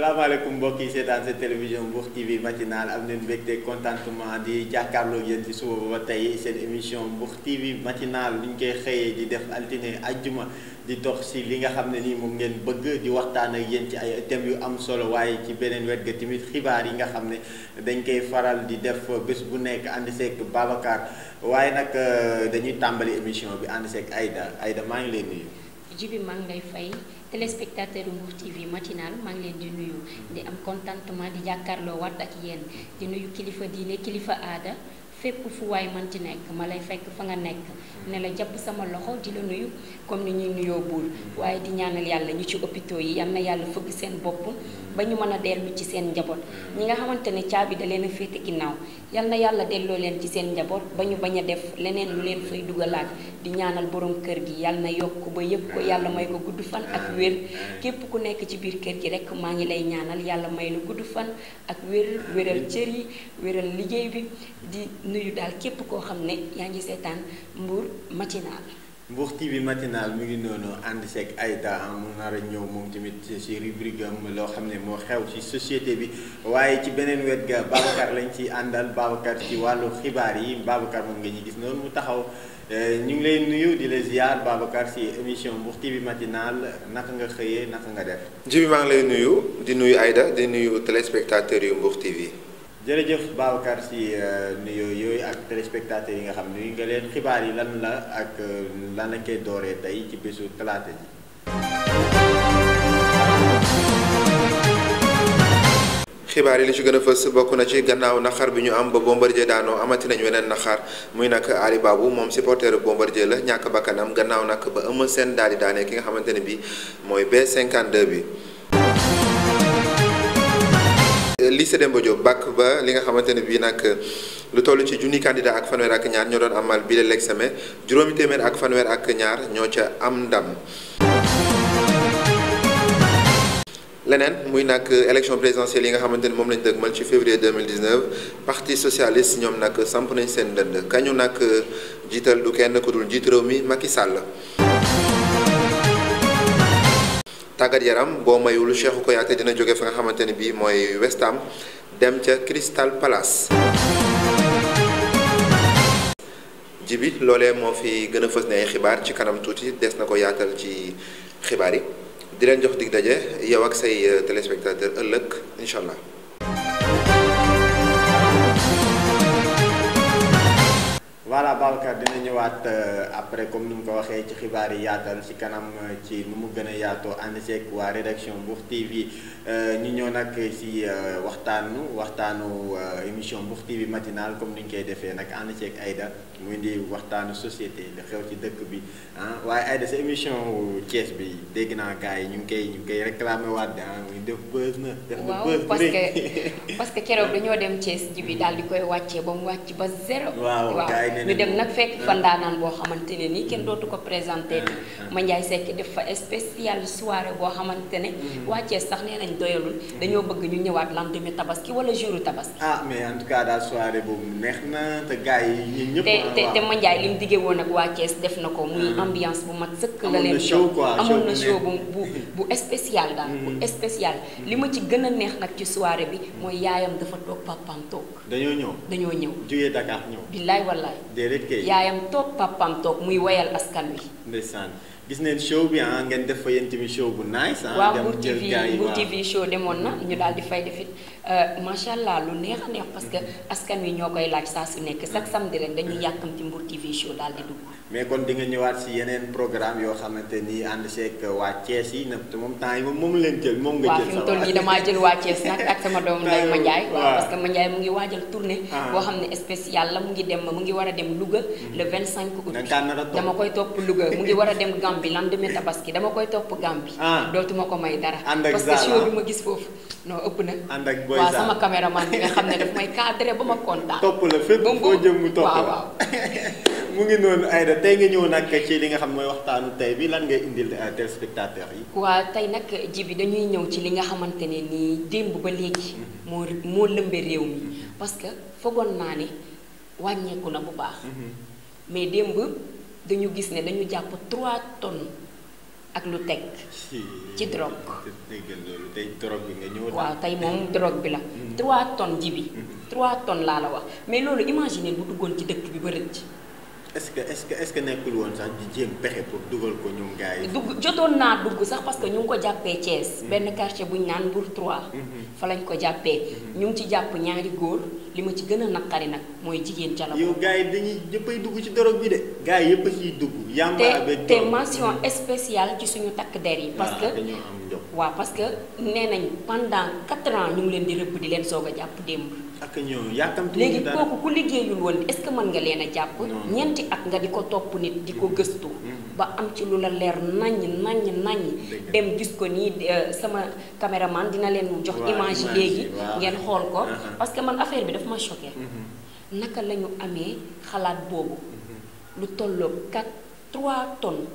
salaamaaleykum mbokk yi seetaan seen télévision Mbour TV matinal am nañu mbégte contentement di jàkkaarloo yéen ci suba ba tey seen émission Mbour TV matinal luñ koy xëyee di def altine ajjuma di dox ci li nga xam ne nii moom ngeen bëgg di waxtaan ak yéen ci ay thèmes yu am solo waaye ci beneen wet ga tamit xibaar yi nga xam ne dañ koy faral di def bés bu nekk ànd seeg Babacar waaye nag dañuy tàmbali émission bi ànd seeg Aïda Aïda maa ngi lay nuyu. Jibi maa ngi lay fay. téléspectateur Mbour TV matinal maa ngi leen di nuyu mm-hmm. di am contentement di jàkkaarloo waat ak yéen di nuyu kilifa diine kilifa aada fépp fu waay mën ci nekk ma lay fekk fa nga nekk ne la jàpp sama loxo di la nuyu comme ni ñuy nuyoo buur waaye di ñaanal yàlla ñu ci hôpitaux yi yal na yàlla fëgg seen bopp ba ñu mën a dellu ci seen njaboot ñi nga xamante ne caabi da leen a féete ginnaaw yal na yàlla delloo leen ci seen njaboot ba ñu bañ a def leneen lu leen fay dugalaat di ñaanal boroom kër gi yàlla na yokk ba yëpp ko yàlla may ko gudd fan ak wér képp ku nekk ci biir kër gi rek maa ngi lay ñaanal yàlla may la gudd fan ak wér wéral cër wéral liggéey bi di nuyu daal képp koo xam ne yaa ngi seetaan Mbour matinal Mbour TV matinal mu ngi noonu ànd seeg Aïda mu nar a ñëw moom tamit ci rubrique am loo xam ne moo xew ci société bi waaye ci beneen wet ga Babacar lañ ci àndal Babacar ci wàllu xibaar yi Babacar moom nga ñu gis noonu mu taxaw eh, ñu ngi lay nuyu di la ziar Babacar ci émission Mbour TV matinal naka nga xëyee naka nga def. jibi maa ngi lay nuyu di nuyu Aïda di nuyu téléspectateurs yu Mbour TV. jërëjëf Babacar si euh, nuyoo yooyu ak téléspectateurs yi nga xam ne nga leen xibaar yi lan la ak euh, lan lañ koy dooree tey ci bésu talaata ji. xibaar yi li ci gën a fës bokk na ci gannaaw naxar bi ñu am ba Bombardier daanoo amati nañu weneen naxar muy nag Ali Babou moom supporter Bombardier la ñàkk bakkanam gannaaw nag ba Eumeu seen daal di daanee ki nga xamante ne bi mooy B52 bi. lycée Demba Diop bac ba li nga xamante ne bii nag lu toll ci junni candidat ak fanweer ak ñaar ñoo doon amal bi l'examen juróomi téeméer ak fanweer ak ñaar ñoo ca am ndam. leneen muy nag élection présidentielle yi nga xamante ni moom lañ dëgmal ci février 2019 parti socialiste ñoom nag samp nañ seen dënd kañu nag jiital du kenn ku dul jiitu réew mi Macky Sall. tàggat yaram boo mayul Cheikhou Kouyaté dina jóge fa nga xamante ne bii mooy West dem ca Crystal Palace. ji bi loolee moo fi gën a fës ne ay xibaar ci kanam tuuti des na ko yaatal ci xibaar yi di leen jox dig daje yow ak say euh, téléspectateur ëllëg incha allah. voilà Babacar dina ñëwaat euh, après comme ni mu ko waxee ci xibaar yi yaatal ci kanam euh, ci nu mu gën a yaatoo ànd seeg waa rédaction Mbour TV euh, ñu ñëw nag ci waxtaanu waxtaanu émission Mbour TV matinale comme ni ñu koy defee nag ànd seeg Aïda mu indi waxtaanu société li xew ci dëkk bi ah waaye Aïda sa émission cees bi dégg naa gars yi ñu ngi koy ñu ngi koy réclamé waat de ah parce que parce que keroog dañoo dem Thiès ji daal di koy wàccee ba mu wàcc ba zéro. waaw ñu dem nag fekk fa ah. boo xamante ne nii kenn dootu ko présenter bi ah, ah, Mandiaye Seck def fa spécial soirée boo xamante ne mm. waa Thiès sax nee nañ doyalul dañoo bëgg ñu ñëwaat lendemain tabaski wala jouru tabaski ah mais en tout cas daal soirée boobu neex na te gars yi ñëpp te te Mandiaye li diggee woon ak waa Thiès def na ko muy ambiance bu mat sëkk la leen show amoon na show bu bu bu spécial daal bu mm. spécial mm. li ma ci gën a neex nag ci soirée bi mooy yaayam dafa toog papaam toog dañoo ñëw dañoo ñëw déedéet kay yaayam toog papaam toog muy woyal askan wi. ndeysaan gis neen show bi ah ngeen def fa yéen tamit show bu nice. ah dem jël gars yi waaw TV Mbour TV show demoon na ñu daal di fay defit Euh, macha allah lu neex a neex parce mhm. askan wi ñoo koy laaj saa su nekk chaque mhm. samedi rek dañuy yàkkam ci Mbour daal di dugg. mais kon di ñëwaat si yeneen programme yoo xamante ni ànd seeg waa Thiès yi nag te moom temps yi moom moom leen jël moom nga jël. sa waa waaw tournée. Ah. boo xam ne spécial la mu ngi dem mu ngi war a dem Louga. Mhm. le 25 août. dama koy topp luga mu ngi war a dem Gambie lendemain tabaski dama koy topp Gambie. Ah. dootuma ko may dara. ànd ak parce que show bi ma gis foofu non waaw sama caméraman bi nga xam ne daf may cadré ba ma kontaan. topp la fépp foo jëm mu topp waaw waaw. ngi noonu Aïda tey nga ñëw nag ci li nga xam mooy waxtaanu tey bi lan ngay indil euh, téléspectateur yi. waaw tey nag ji bi dañuy ñëw ci li nga xamante ne nii démb ba léegi. Mm-hmm. moo moo lëmbee réew mi mm-hmm. parce que foogoon naa ne wàññeeku na bu baax. Mm-hmm. mais démb dañu gis ne dañu jàpp 3 ton ak lu teg ci drogue. tey drogue bi nga ñëw. waaw tey moom drogue bi la. 3 mm-hmm. tonnes ji bi. 3 tonnes laa la wax mais loolu imaginer bu duggoon ci dëkk bi ba rëcc. est-ce que ce que est-ce que nekkul woon sax di jéem pexe pour dugal ko ñoom gars dugg jotoon naa dugg sax parce que ñu ko jàppee Thiès. Mm-hmm. benn quartier bu ñu naan Mbour 3. Mm-hmm. fa lañ ko jàppee. Mm-hmm. ñu ngi ci jàpp ñaari góor li ma ci gën a naqari nag mooy jigéen jala. yow gars yi dañuy yëppay dugg ci dorog bi de. gars yi yëpp dugg. yàmbaa beeg te te mention spéciale ci suñu takk der yi. parce ah, que dañoo am waaw parce que nee nañ pendant quatre ans ñu ngi leen di rëbb di leen soog a jàpp démb. ak ñooñu yàkkamtu léegi kooku ku liggéeyul woon est-ce que mën nga leen a jàpp. ñeenti at nga di ko topp nit di ko mm-hmm. gëstu. Mm-hmm. ba am ci lu la leer naññ naññ naññ. dem gis ko nii euh, sama caméraman dina leen jox image yi léegi. ngeen xool ko uh-huh. parce que man affaire bi daf ma choqué. Mm-hmm. naka lañu ñu amee xalaat boobu. lu tolloo 4 3 tonnes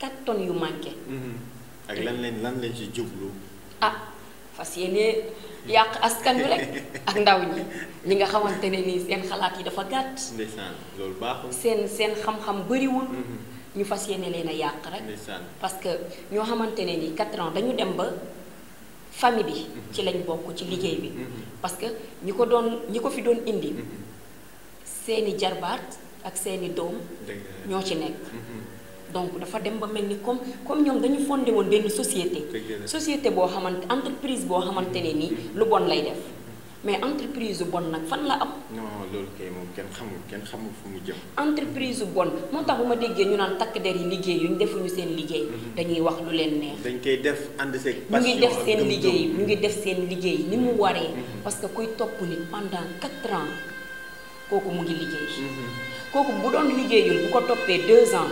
4 tonnes yu manqué. ak lan lañ lan lañ ci jublu. ah fas yàq askan wi rek ak ndaw ñi li nga xamante ne ni seen xalaat yi dafa gàtt. ndeysaan loolu seen seen xam-xam bëriwul. Mm-hmm. ñu fas yéene leen a yàq rek. parce que ñoo xamante ne nii 4 ans dañu dem ba famille bi. Mm-hmm. ci lañ bokk ci liggéey bi. Mm-hmm. parce que ñi ko doon ñi ko fi doon indi. seeni jarbaat ak seeni doom. ñoo ci nekk. donc dafa dem ba mel ni comme comme ñoom dañu fondé woon benn société société boo xamante entreprise boo xamantene ni lu bon lay def mais entreprise bon nag fan la am. non loolu kay moom kenn xamul kenn xamul fu mu jëm. entreprise bon moo tax bu ma déggee ñu naan takk der yi liggéey yu ñu defuñu seen liggéey. Mhm. dañuy wax lu leen neex. dañ koy def ànd seeg passion ñu ngi def seen liggéey ñu ngi def seen liggéey ni mu mhm. waree. Mhm. parce que kuy topp nit pendant quatre ans kooku mu ngi liggéey. kooku bu doon liggéeyul bu ko toppee deux ans.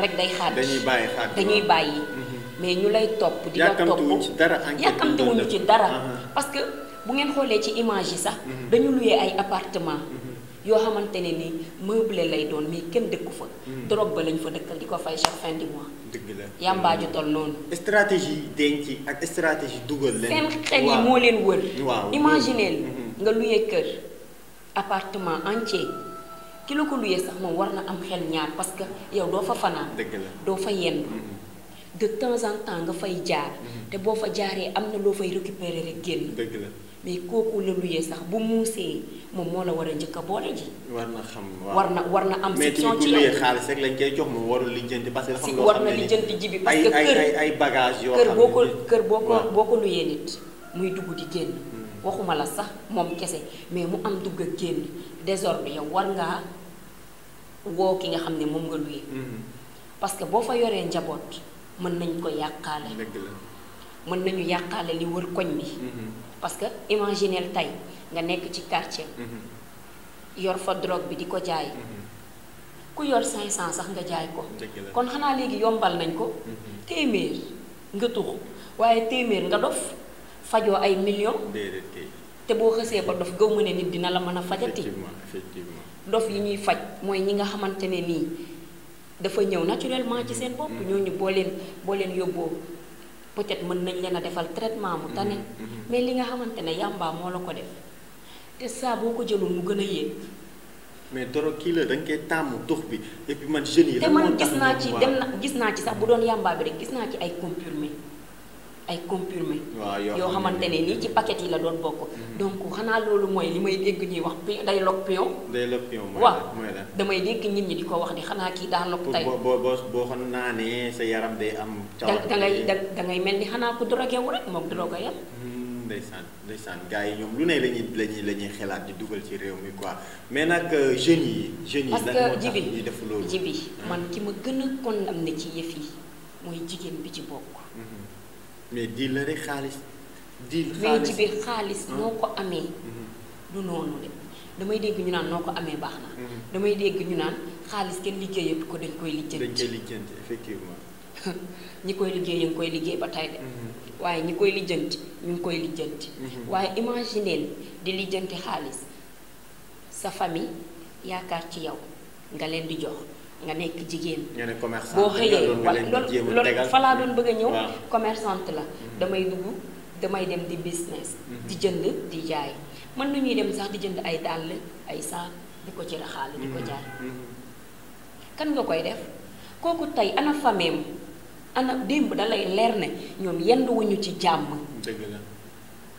rek day xaar dañuy bàyyi dañuy bàyyi mhm. mais ñu lay topp di la topp yàkkamtiwuñu ci dara mhm. parce que bu ngeen xoolee ci image yi sax mhm. dañu luyee ay apartement yoo xamante ne ni meublé lay doon mais kenn dëkku fa drogue ba lañ fa dëkkal di ko fay chaque fin du mois dëgg la yàmbaa ju tol noonu stratégie denc ak stratégie dugal leen seen xel yi moo leen wër imaginer nga luyee kër appartement entier ki ko luyee sax moom war na am xel ñaar parce que yow doo fa fanaan dëgg la doo fa yendu mm-hmm. de temps en temps nga fay jaar mm-hmm. te boo fa jaaree am na loo fay récupérer rek génn dëgg la mais kooku la luyee sax bu muusee moom moo la war a njëkk a boole ji war na xam war na war na am section ci lañ koy jox mu warul lijjanti parce que dafa war na lijjanti ji bi parce que kër ay bagage yoo boo ko kër boo ko boo nit muy dugg di génn mm. waxuma la sax moom kese mais mu am dugg ak génn désordre yow war ngaa woo ki nga xam ne moom nga luy mm-hmm. parce que boo fa yoree njaboot mën nañ ko yàqaale mën nañu yàqaale li wër koñ bi mm-hmm. parce que imagineel tey nga nekk ci quartier mm-hmm. yor fa drogue bi di ko jaay ku yor 500 sax nga jaay ko kon xanaa léegi yombal nañ ko téeméer nga tux waaye téeméer nga dof fajoo ay million te boo xësee ba dof gëw ma ne nit dina la mën a fajati dof yi ñuy faj mooy ñi nga xamante ne nii dafa ñëw naturellement ci seen bopp mm-hmm. ñooñu boo leen boo leen yóbboo peut-être mën nañ leen a defal traitement mu tane mm-hmm. mais li nga xamante ne yàmbaa moo la ko def te saa boo ko jëlul mu gën a yéeg mais drogue kii la da nga koy tàmm dox bi et puis man jeunes te man gis naa ci dem na gis naa ci sax bu doon yàmbaa bi rek gis naa ci ay comprimés ay comprimés yoo xamante ne nii ci paquet yi la doon bokk mm-hmm. donc xanaa loolu mooy li may dégg ñuy wax pion day log pion day log pion damay dégg nit ñi di ko wax ni xanaa kii daa log tey boo boo boo xam naa ne sa yaram day am cawar da ngay da da ngay mel ni xanaa ko ku drogué wu rek moom drogué yam mm-hmm. ndeysaan ndeysaan gars yi ñoom lu ne lañuy lañuy la ñuy xelaat di dugal ci réew mi quoi mais nag euh, jeunes yi jeunes yi parce que jibi def loolu jibi mm. man ki ma gën a condamné ci yëf yi mooy bi ci bokk mais diil la rek xaalis. diil xaalis mais ci xaalis noo ko amee. Mhm. du noonu de damay dégg ñu naan noo ko amee baax na. Mhm. damay dégg ñu naan xaalis kenn liggéeyatu ko dañ koy lijjanti. dañ koy lijjanti effectivement. ñi koy liggéey ñu ngi koy liggéey ba tey de. Mhm. waaye ñi koy lijjanti ñu ngi koy lijjanti. waaye imagineel di lijjanti xaalis sa famille yaakaar ci yow nga leen di jox. nga nekk jigéen. boo xëyee wala loolu loolu fa laa doon bëgg a ñëw. commerçante la. Mhm. damay dugg damay dem di business. Mhm. di jënd di jaay mën nañuy dem sax di jënd ay dàll ay saak di ko ci raxaale di ko mhm. jaay. kan nga koy def kooku tey ana fameem ana démb da leer ne ñoom yendu wuñu ci jàmm. dëgg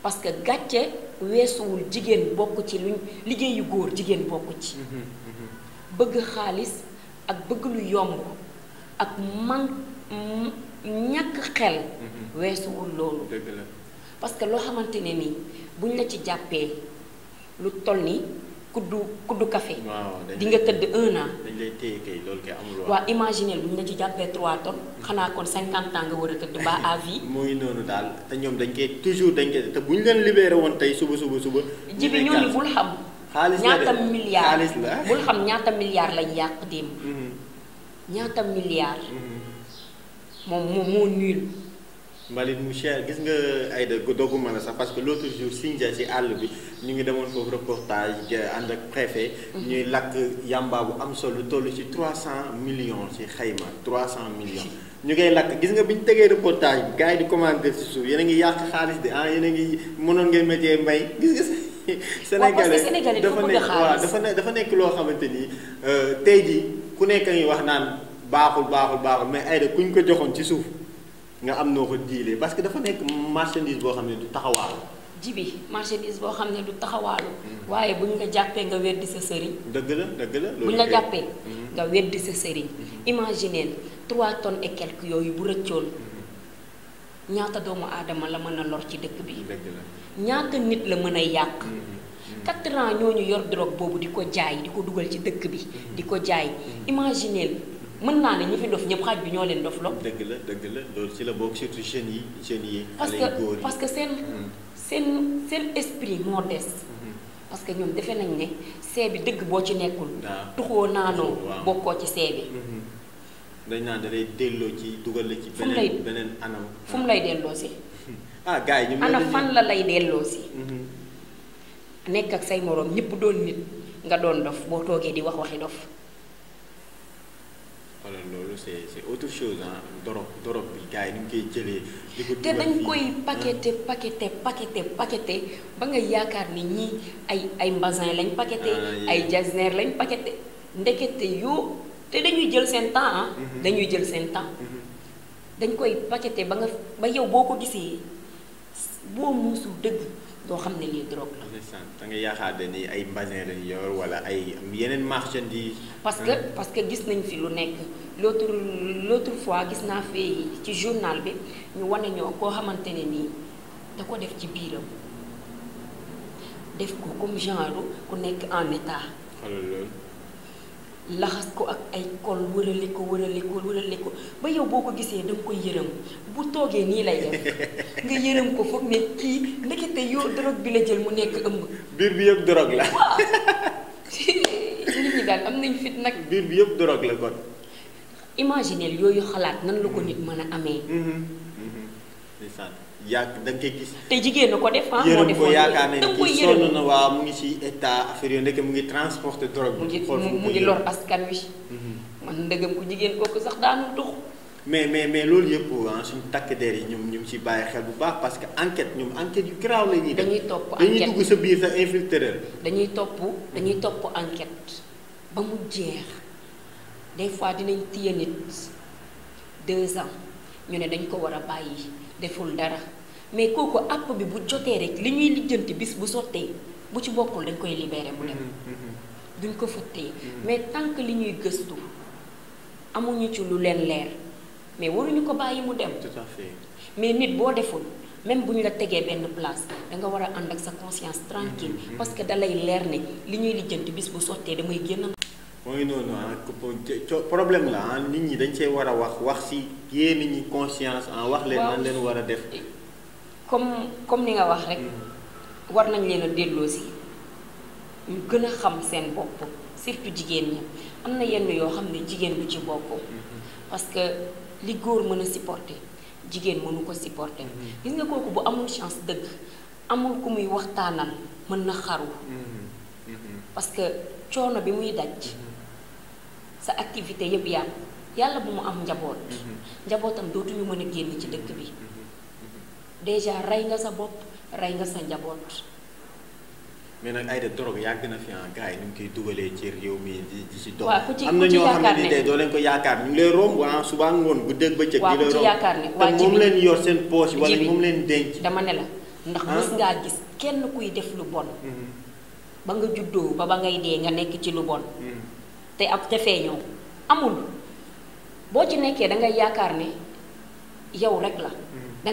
parce que gàcce weesuwul jigéen bokk ci luñ liggéeyu góor jigéen bokk ci. bëgg xaalis. ak bëgg lu yomb ak man ñàkk xel mhm. weesuwul loolu parce que loo xamante ne nii buñ la ci jàppee lu toll ni kuddu kuddu café di tëdd un an dañ lay téye kay loolu kay amul waaw imaginer la ci jàppee trois tonnes mhm. xanaa kon cinquante ans nga war a tëdd ba à vie noonu daal te ñoom dañ koy toujours dañ koy te buñ leen libéré woon tey suba suba suba jibi ñooñu bul xam xaalis la ñaata milliard bul xam ñaata milliard lañ yàq démb. Mm-hmm. ñaata milliard. Mm-hmm. moom moom moo nul. mbalit mu cher gis nga ay de doogu mën a sax parce que l' autre jour Sindia ci àll bi ñu ngi demoon foofu reportage ànd ak préfet. Mm-hmm. ñuy lakk yàmbaa bu am solo toll ci 300 millions ci xayma 300 millions. ñu ngay lakk gis nga biñ ñu tegee reportage bi gars yi di commandé ci suuf yéen a ngi yàq xaalis de ah yéen a ngi mënoon ngeen métier mbay gis nga. sénégalais dafa nekk waaw dafa ne dafa nekk loo xamante ni euh, tey jii ku nekk ngi wax naan baaxul baaxul baaxul mais Aïda kuñ ko joxoon ci suuf nga am noo ko diilee parce que dafa nekk marchandise boo xam ne du taxawaalu jibi marchandise boo xam ne du taxawaalu mm-hmm. waaye buñ la jàppee nga weddi sa sëriñ dëgg la dëgg la buñ la jàppee mm-hmm. nga weddi sa sëriñ mm-hmm. imagineel trois tonnes et quelques yooyu bu rëccoon ñaata doomu aadama la mën a lor ci dëkk bi dëgg ñaata nit la mën a yàq mm-hmm. Mm-hmm. quatre ans ñooñu yor drogue boobu di ko jaay di ko dugal ci dëkk bi mm-hmm. di ko jaay imagineel mën naa ne ñu fi dof ñëpp xaaj bi ñoo leen dof lo dëgg la dëgg la loolu ci la bokk surtout jeunes yi jeunes yi parce que parce que seen seen seen esprit moo des parce que ñoom defe nañ ne see bi dëgg boo ci nekkul tuxoo naanoo bokkoo ci see bi dañ naa da lay delloo ci dugal la ci beneen beneen anam fu mu lay delloo si ah gars yi ñu ana fan la lay delloo si. Mhm. nekk ak say moroom ñépp doon nit nga doon dof boo toogee di wax waxi dof. alors loolu c'est c'est autre chose ah dorog te dañ koy paqueté paqueté paqueté paqueté ba nga yaakaar ni ñii ay ay mbasin lañ paqueté. Ah, ay jasner lañ paqueté ndekete yoo te dañuy jël seen temps mhm. dañuy jël seen temps. Mhm. dañ koy paqueté ba nga ba yow boo ko gisee. boo muusul dëgg doo xam ne lii drogue la. da nga yaakaar ni ay mbasin lañ yor wala ay yeneen marchandises. parce que parce que gis nañ fi lu nekk l'autre l'autre fois gis naa fii ci journal bi ñu wane ñoo koo xamante ne nii da ko def ci biiram def ko comme genre ku nekk en état. laxas ko ak ay kol wërale ko wërale ko wërale ko ba yow boo ko gisee da nga koy yërëm bu toogee nii la def nga yërëm ko foog ne kii ndekete yoo drogue bi la jël mu nekk ëmb. biir bi yëpp doroog la. nañ fit nag. biir bi yëpp drogue la kon. imaginer yooyu xalaat nan la ko nit mën a amee. Mhm. Mhm. yaa da nga koy gis. te jigéen ñi ko def ah. moo def ko yaakaar ne kii sonn na waa mu ngi ci état affaire ndeke mu ngi transporter drogue. mu ngi mu ngi lor askan wi. Mhm. man ndegam ku jigéen kooku sax daanu tux. mais mais mais loolu yëpp ah suñu takk der yi ñoom ñu ngi bàyyi xel bu baax parce que enquête ñoom enquête yu garaaw la ñuy dañuy topp enquête dañuy dugg sa biir sa infiltrer. dañuy topp dañuy topp ba mu jeex des fois dinañ téye nit deux ans ñu ne dañ ko war a bàyyi deful dara. mais kooku app bi bu joté rek li ñuy lijjanti bis bu sottee bu ci bokul dañ koy libéré mu dem mm-hmm, mm-hmm. duñ ko fa mm-hmm. mais tant que li ñuy gëstu amuñu ci lu leen leer mais waruñu ko bàyyi mu dem mais nit boo deful même bu ñu la tegee benn place da nga war a ànd ak sa conscience tranquille parce que dalay leer ne li ñuy lijjanti bis bu sottee damay génn mooy noonu ah problème la ah nit ñi dañ see war a wax wax si yéen ñi conscience ah wax leen nan leen war a def comme comme ni nga wax rek war nañ leen a delloosi ñu gën a xam seen bopp surtout jigéen ñi am na yenn yoo xam ne jigéen du ci bopp parce que li góor mën a supporter jigéen mënu ko supporter gis nga kooku bu amul chance dëgg amul ku muy waxtaanal mën na xaru parce que coono bi muy daj sa activité yëpp yàqu yàlla bu mu am njaboot mm-hmm. njabootam dootuñu mën a génn ci dëkk bi déjà rey nga sa bopp rey nga sa njaboot. mais nag ay de drogue yàgg na fi ah gars yi ñu ngi koy dugalee ci réew mi di di si dox. waaw ku ci am na ñoo xam ne de ko yaakaar ñu ngi lay romb waa ah, suba ngoon guddeeg bëccëg. waaw ku ci yaakaar ne waa te moom leen yor seen poche wala moom leen denc. dama ne la ndax ah. mës ngaa gis kenn kuy def lu bon. Mm-hmm. ba nga juddoo ba ba ngay dee nga nekk ci lu bon. Mm-hmm. te ab te feeñoo amul boo ci nekkee da ngay yaakaar ne yow rek la.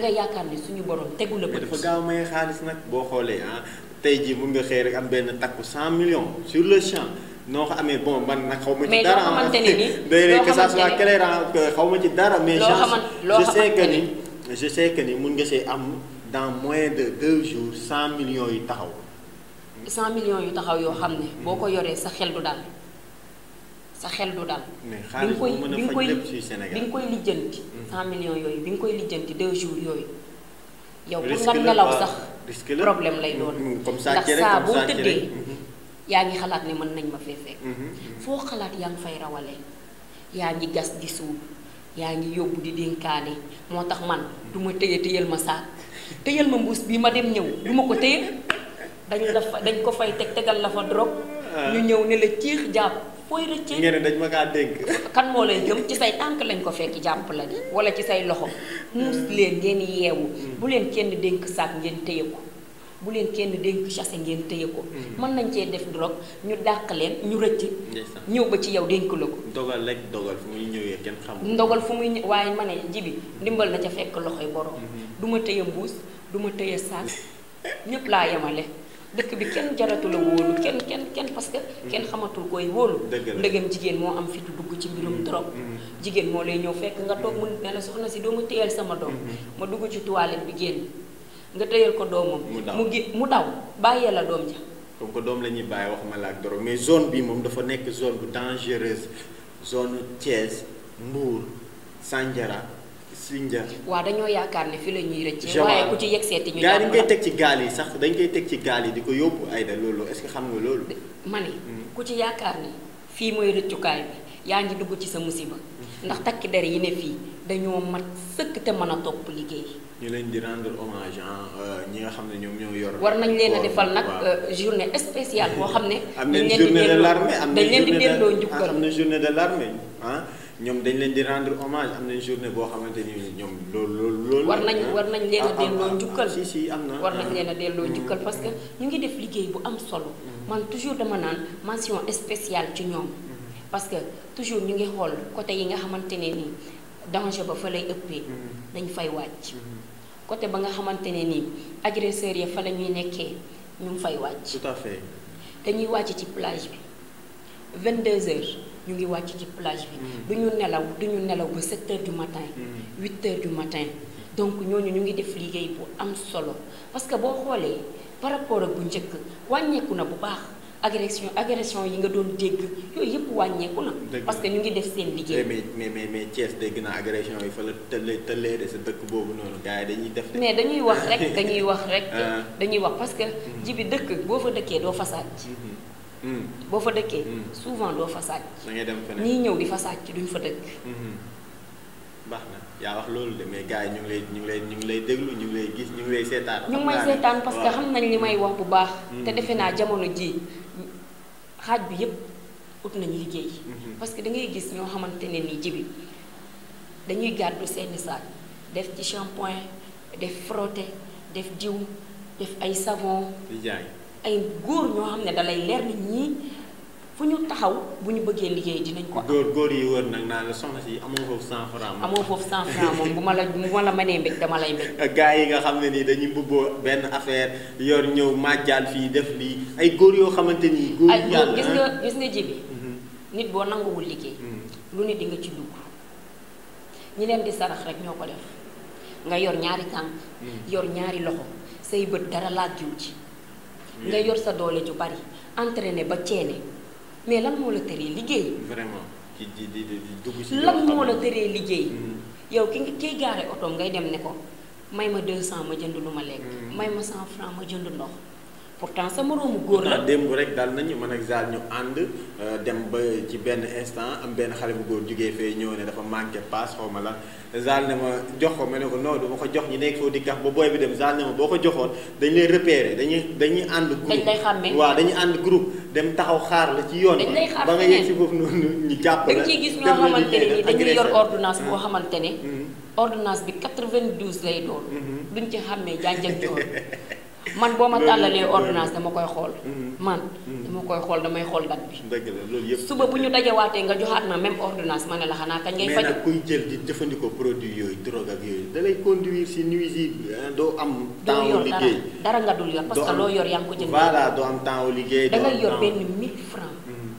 da yaakaar ni suñu borom tegu la ko. dafa gaaw may xaalis nag boo xoolee ah, tey jii mun nga xëy rek am benn takku cent million sur le champ. noo ko amee bon man nag xaw ma ci dara ah mais loo xamante que ça soit clair ah, xaw ma ci dara. mais je sais que ni je que ni mun nga see am dans moins de deux jours cent millions yu taxaw. 100 millions yu taxaw yoo xam ne. boo ko yoree sa xel du daal. sa xel du dal. mais xaalis bu mën bi nga koy bi nga koy lijjanti. 100 yooyu bi nga koy lijjanti 2 jours yooyu. yow pour nga nelaw sax problème lay mm-hmm. doon. comme ça ndax saa boo tëddee. Mm-hmm. yaa ngi xalaat ne mën nañ ma fee fekk. Mm-hmm. foo xalaat yaa ngi fay rawalee. yaa ngi gas di suul yaa ngi yóbbu di dénkaane moo tax man duma ma téye téyal ma saak téyal ma mbuus bii ma dem ñëw du ma ko téye dañ la dañ ko fay teg tegal la fa drogue. Ah. ñu ñëw ne la ciix jàpp. fooy rëccee ngeen dañ ma kaa dénk kan moo lay gëm ci say tànk lañ ko fekk jàmp la di wala ci say loxo hmm. muus leen ngeen yeewu hmm. bu leen kenn dénk saak ngeen téye ko bu leen kenn dénk chassé ngeen téye ko hmm. mën nañ cee def drogue ñu dàq leen ñu rëcc ñëw ba ci yow dénk la ko dogal rek dogal fu muy ñëwee kenn xamul ndogal fu muy ñëw waaye ma ne jibi ndimbal na ca fekk loxoy borom du ma téye mbuus du ma téye saak ñépp laa yemale dëkk bi kenn jaratula wóolu kenn kenn kenn parce que kenn xamatul koy wóolu ndegam jigéen moo am fitu dugg ci mbirum mm-hmm. drog mm-hmm. jigéen moo lay ñëw fekk nga toog mu ne soxna si doo ma téyal sama doom mm-hmm. ma dugg ci toilette bi génn nga téyal ko doomam mu gi mu daw bàyyee la doom ja comme ko doom la ñuy bàyyi wax ma la ak drog mais zone bi moom dafa nekk zone bu dangereuse zone Thiès mbuur Sandiara Serigne Dia. waaw dañoo yaakaar ne fi la ñuy rëcc. waaye ku ci yegg seeti ñu. gaa yi dañ teg ci gaal yi sax dañ koy teg ci gaal yi di ko yóbbu ay da loolu est-ce que xam nga loolu. ma hmm. ku ci yaakaar ne fii mooy rëccukaay bi yaa ngi dugg ci sa musiba. Hmm. ndax takki der yi ne fii dañoo mat sëkk te man a topp liggéey. ñu leen di rendre hommage euh, ñi nga xam ne ñoom ñoo yor. war nañ leen a defal nag euh, journée spéciale boo xam ne. am nañ journée de l'armée am nañ journée de dañ leen di delloo njukkal ah, am na journée de l'armée ñoom dañ leen di rendre hommage am nañ journée boo xamante ni ñoom loolu loolu war nañ ah. war nañ leen a ah, ah, delloo njukkal si war nañ leen a delloo mm. njukkal parce que ñu ngi def liggéey bu am solo mm. man toujours dama naan mention espécial ci ñoom mm. parce que toujours ñu ngi xool côté yi nga xamante ne nii danger ba fa lay ëppee dañ fay wàcc côté ba nga xamante ne nii agresseurs ya fa la ñuy nekkee ñu ngi fay wàcc tout à fait dañuy wàcc ci plage bi 22 heures ñu ngi wàcc ci plage bi. Mm. du ñu nelaw du ñu nelaw ba 7 heures du matin. 8 mm. heures du matin. donc ñooñu ñu ngi def liggéey bu am solo parce que boo xoolee par rapport ak bu njëkk wàññeeku na bu baax agression agression yi nga doon dégg yooyu yëpp wàññeeku na. parce que ñu ngi def seen liggéey. mais mais mais mais Thiès dégg na agression yi fa la tëllee tëllee sa dëkk boobu noonu gars dañuy def. mais dañuy wax rek dañuy wax rek. Ah. dañuy wax parce mm. ji bi dëkk boo fa dëkkee doo fa sàcc mm-hmm. Mm. boo fa dëkkee mm. souvent doo fa sàcc ñii ñëw di fa sàcc duñ fa dëkk mm-hmm. baax na yaa wax loolu de mais gars yi ñu ngi lay ñu ngi lay ñu ngi lay déglu ñu ngi lay gis ñu ngi lay seetaan ñu may seetaan xam nañ li may wax bu baax mm-hmm. te defe naa jamono ji xaaj bi yépp ut nañu liggéey mm-hmm. parce que da ngay gis ñoo xamante ne nii jibi dañuy gàddu seeni saak def ci shampoing def frotté def diw def ay savon di ay góor ñoo xam ne dalay leer nit ñi fu ñu taxaw bu ñu bëggee liggéey dinañ ko góor góor yi wër nag naa la soxna si amoo foofu 100 francs. amoo foofu 100 francs moom bu ma la bu ma la mënee mbég dama lay mbég. gars yi nga xam ne nii dañuy mbubboo benn affaire yor ñëw màjjaal fii def lii ay góor yoo xamante ni. góor yi gis nga ah. gis nga ji bi mm-hmm. nit boo nanguwul liggéey. Mm-hmm. lu ne di nga ci dugg ñi leen di sarax rek ñoo ko def nga yor ñaari tànk. Mm-hmm. yor ñaari loxo say bët dara jiw ci. nga yor sa doole ju bari entraîné ba ceene mais lan moo la tëree liggéey. vraiment dugg si lan moo la tëree liggéey. Mm. yow ki kiy gaare oto ngay dem ne ko may ma 200 ma jënd lu ma lekk. Mm. may ma 100 francs ma jënd ndox. pourtant sa moroomu góor la démb rek daal nañu man ak Zal ñu ànd euh, dem ba ci benn instant am benn xale bu góor jugee fee ñëw ne dafa manqué paas xaw ma lan Zal ne ma jox ko ma ne ko non du ma ko jox ñu nekk foofu di kaf ba booy bi dem Zal boo ko joxoon dañ lay repérer dañuy dañuy ànd groupe dañ lay xàmmee ànd groupe dem taxaw xaar la ci yoon ba nga yegg si foofu noonu ñu jàpp la dañ dañuy yor ordonnance boo mm-hmm. xamante ne mm-hmm. ordinance bi 92 lay doon mm-hmm. duñ ci xàmmee jànjak joon man boo ma tàllalee ordonnance dama koy xool. Mm-hmm. man mm-hmm. dama koy xool damay xool date bi. dëgg loolu yëpp suba bu ñu dajawaatee nga jox at ma même ordonnance ma ne la xanaa kañ ngay faju. kuy jël di jëfandikoo produit yooyu drogue ak yooyu da lay conduire si nuisible doo am. temps wu liggéey dara nga dul yor parce loo yor yaa ngi ko jënd. voilà doo am temps wu liggéey. da ngay yor benn 1000 francs mm-hmm.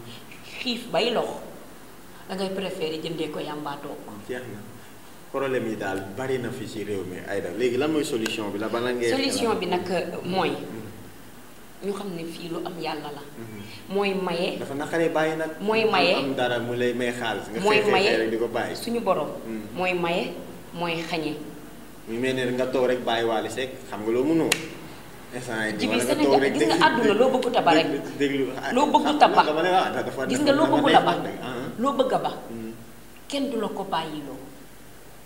xiif bay lox da ngay préféré jëndee ko yàmbaa toog. jeex na. problème yi daal bari na fi ci réew mi Aïda léegi lan mooy solution bi la ba ngay solution bi nag euh, mooy mm-hmm. ñu xam ne fii lu am yàlla la mm-hmm. mooy maye dafa naqaree bàyyi nag mooy maye am dara mu lay may xaalis nga mooy maye rek di ko bàyyi suñu borom mm-hmm. mooy maye mooy xañe mu mel ne nga toog rek bàyyi waali sekk xam nga loo mënoo ji bi Sénégal gis nga àdduna loo bëggu taba rek ah, loo ah, bëggu taba ah, gis nga loo bëggu ba loo bëgg a ba kenn du la ko bàyyiloo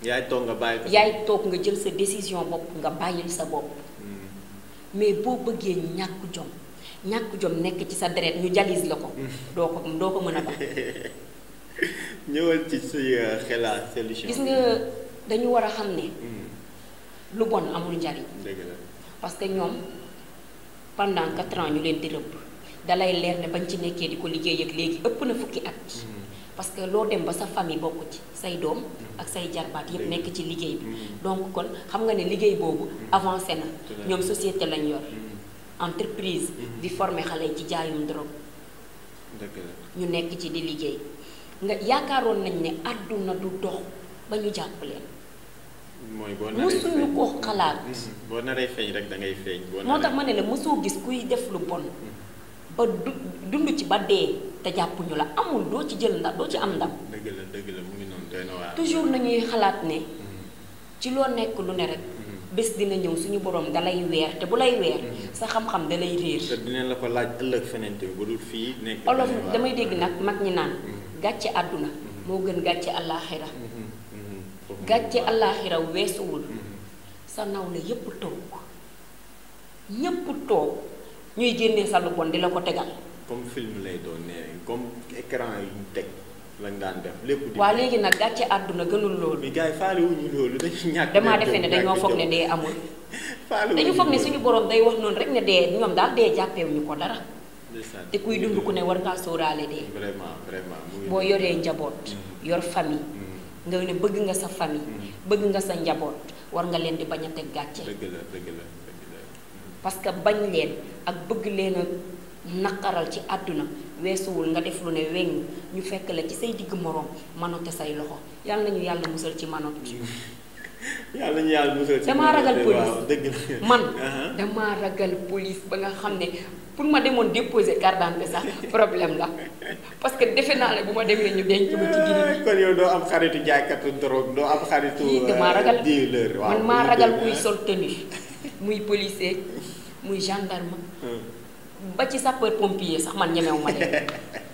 yaay toog nga bàyyi ko toog nga jël sa décision bopp nga bàyyil sa bopp. Hmm. mais boo bëggee ñàkk jom ñàkk jom nekk ci sa deret ñu jalis la ko. Hmm. doo ko doo ko mën a ba. ñëwal ci suy euh, xelaat solution. gis nga dañu war a xam ne. Hmm. lu bon amul njariñ. dëgg parce que ñoom pendant quatre ans ñu leen di rëbb dalay leer ne bañ ci nekkee di ko liggéey ak léegi ëpp na fukki at. parce que lo dem ba sa famille bokk ci say dom ak say jarbat yëpp nek ci liguey bi mm-hmm. donc kon xam nga ne liguey boobu mm-hmm. avancé na ñom société lañ yor mm-hmm. entreprise di former xalé ci jaayum drogue ñu nek ci di liguey nga yaakaaroon nañ ne aduna du dox ba ñu japp leen mooy boo naree feeñ mësuñu ko xalaat bo na naree feeñ rek da ngay feeñ moo tax ma mané la mësoo gis kuy def lu bon ba du dund ci ba dee te jàppuñu la amul doo ci jël ndax doo ci am ndam. dëgg la dëgg la mu toujours nañuy xalaat ne mm-hmm. ci loo nekk lu ne rek. Mm-hmm. bés dina ñëw suñu borom dalay weer te bu lay weer mm-hmm. sa xam-xam dalay réer. te dinañ la ko laaj ëllëg feneen tamit bu dul fii nekk. olof damay dégg nag mag ñi naan gàcce àdduna moo gën gàcce àllaaxira gàcce àllaaxira weesuwul sa nawle yépp toog ñépp toog. ñuy génnee sa lu bon di la ko tegal. comme film lay doon nee comme écran yi ñu teg lañ daan def lépp. di waaw léegi nag gàcce àdduna gënul loolu. mais gars yi faale wuñu damaa defee ne dañoo foog ne dee amul. faale dañu foog ne suñu borom day wax noonu rek ne dee ñoom daal dee jàppewuñu ko dara. te kuy dund ku ne war ngaa sóoraale dee. vraiment boo yoree njaboot. Mm-hmm. yor famille. Mm-hmm. nga ne bëgg nga sa famille. Mm-hmm. bëgg nga sa njaboot war nga leen di bañ a teg gàcce. dëgg la dëgg la. parce que bañ leen ak bëgg leen a naqaral ci àdduna weesuwul nga def lu ne weñ ñu fekk la ci say digg moroom manote say loxo yàlla ñu yàlla musal ci manote yàlla nañu yàlla musal ci damaa ragal police man uh-huh. damaa ragal police ba nga xam ne pour ma demoon déposer carte d'identité sax problème la parce que defe naa ne bu ma demee ñu denc ma ci giri kon yow doo am xaritu jaaykatu drogue doo am xaritu. Euh, dealer waaw man maa ragal kuy sol muy policier muy gendarme. Hmm. ba ci sapeur pompier sax man ñemewu ma leen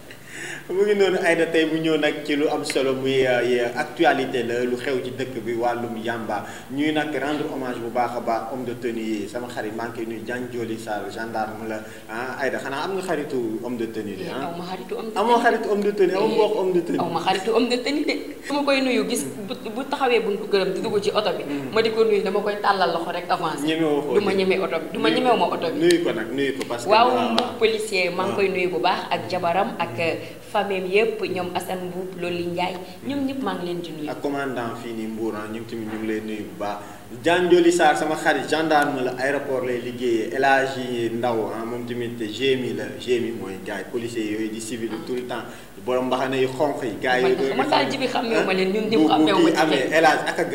mu ngi noonu Aïda tey mu ñëw nag ci lu am solo muy euh, actualité la lu xew ci dëkk bi wàllum yàmba ñuy nag rendre hommage bu baax a baax homme de tenue yi xarit maa ngi koy nuyu Janjoli Sarr gendarme la ah Aïda am nga xaritu homme de tenue ah? ma xaritu amoo xaritu homme de tenue ma xaritu homme de tenue de. su ma koy nuyu mm. bu taxawee buntu gërëm di ci oto bi. Mm. ma di ko nuyu dama koy tàllal loxo rek avancé. ñemewoo ko ma ñemee oto bi du ma ñemewu ma oto bi. nuyu ko nag nuyu ko parce que. waaw policier maa ngi koy nuyu bu baax ak jabaram ak mm. famille yëpp ñoom Assane Mbuub loolu Ndiaye ñoom ñëpp maa ngi leen di nuyu. ak commandant fii nii Mbour ah, ñoom tamit ñu ngi lay bu baax. Janjoli Sarr sama xarit gendarme la aéroport lay liggéeyee El Hadji Ndaw ah moom tamit GMI la GMI mooy gars yi policiers yooyu di civil tout le temps borom mbaxane yu xonq yi. gars yi doon man daal ji bi xam ma leen ñun diw xamee ma ci amee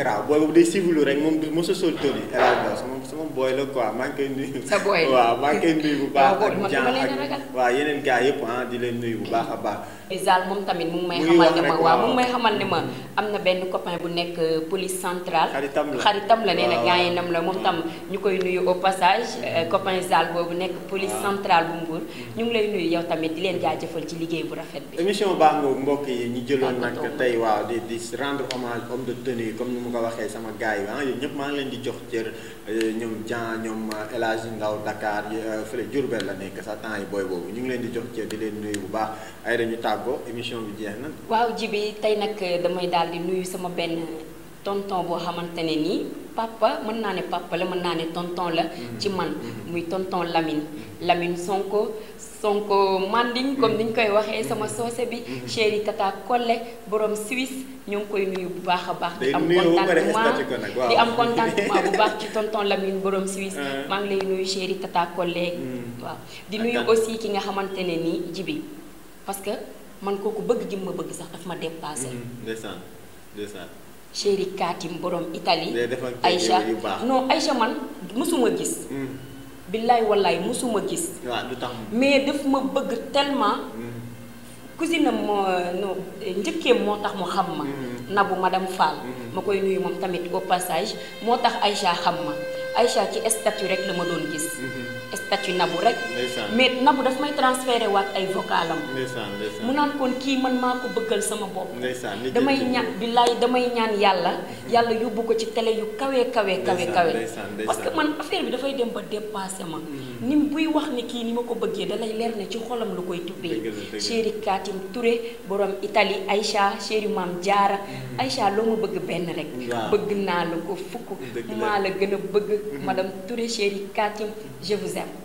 a rek moom du mos a sol toni El Hadji Ndaw sama booy la quoi maa ngi koy nuyu. sa booy waaw maa ngi koy nuyu bu baax. Ah, a baax. moom tamit mu may xamal ne ma am na benn copain bu nekk euh, police centrale xaritam la la nee la moom tam ñu koy nuyu au passage euh, copain Zal boobu nekk police centrale bu Mbour ñu ngi lay nuyu yow tamit di leen jaajëfal ci liggéey bu rafet bi émission baa ngoog mbokk yi ñu jëloon nag tey waaw di di rendre hommage homme de tenue comme ni mu ko waxee sama gars yi ah yéen ñëpp maa ngi leen di jox cër euh, ñoom Jean ñoom euh, El Hadj Ndaw Dakar fële Diourbel la nekk sa temps yi booy boobu ñu ngi leen di jox cër di leen nuyu bu baax ay dañu tàggoo émission bi jeex na waaw ji bi tey nag damay daal di nuyu tonton boo xamante ne nii papa mën naa ne papa la mën naa ne tonton la mm-hmm. ci man mm-hmm. muy tonton lamin mm-hmm. lamin Sonko Sonko Manding comme niñ koy waxee sama soose bi chéri Tata Collé borom Suisse ñoo ngi koy nuyu bu baax a baax di am contentement di am contentement bu baax ci tonton Lamine borom Suisse uh-huh. maa ngi lay nuyu chéri Tata Collé waaw di nuyu aussi ki nga xamante ne nii jibi parce que man kooku bëgg gi ma bëgg sax daf ma dépassé chéri Katim borom Italie. Aïcha non Aïcha man mosuma gis. Hmm. billaay wallaay mosuma gis. mais daf ma bëgg tellement. Hmm. cousine am moo no njëkkeem moo tax mu xam ma. Hmm. nabu madame Fall. ma koy nuyu moom tamit au passage moo tax Aïcha xam ma Aïcha ci statut rek la ma doon gis. tàccu nabu rek. mais nabu dafa may transféré waat ay vocalam. mu naan kon kii man maa ko bëggal sama bopp. damay ñaan billaay damay ñaan yàlla. yàlla yóbbu ko ci tele yu kawe kawe kawe kawe. parce que man affaire bi dafay dem ba dépassé ma. Mm. ni buy wax ni kii ni ma ko bëggee dalay leer ne ci xolam lu koy tubbee. chéri Katim Touré borom Italie Aïcha chéri Maam Jaara mm. Aïcha loo ma bëgg benn rek. bëgg naa la ko fukk. maa la gën a bëgg. Mm. madame Touré chéri Katim je vous aime.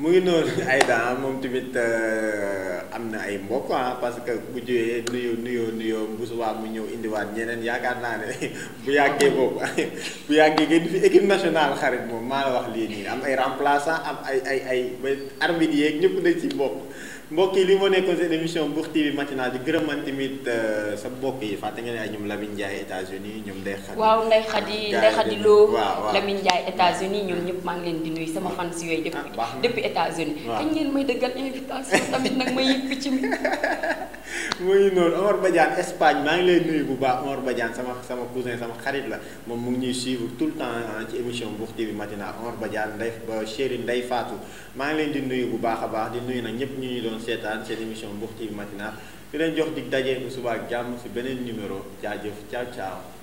mu ngi noonu Aïda moom tamit euh, am na ay mbokk ah, parce que bu jógee nuyoo nuyoo nuyoo bu subaa mu ñëw indiwaat ñeneen yaakaar naa ne bu yàggee boobu bu yàggee ngeen fi équipe nationale xarit moom maa la wax lii nii am ay remplaçant am ay ay ay ba arbitre yeeg ñëpp na ci mbokk. mbokk yi li moo nekkoon seen émission Mbour TV matinale di gërëman tamit euh, sa mbokk yi fàtte ngeen ay ñoom Lamine Ndiaye États-Unis ñoom Ndeye Khady. waaw Ndeye Khady Ndeye Khady Lo Lamine Ndiaye États-Unis ñoom ñëpp maa ngi leen di nuyu sama fans yooyu. depuis ah, depuis États-Unis. waaw ngeen may dëggal invitation tamit nag ma yëg picc mi. mu ngi noonu Omar Espagne maa ngi lay nuyu bu baax Omar Badiane sama sama cousin sama xarit la moom mu ngi ñuy suivre tout le temps ah, ci émission Mbour TV matinal Omar Badiane Ndeye ba chéri Ndeye maa ngi leen di nuyu bu baax a baax di nuyu nag ñëpp ñu ñu doon seetaan seen émission Mbour TV matinal di leen jox di dajee bu subaa jàmm si beneen numéro jaajëf ciao ciao.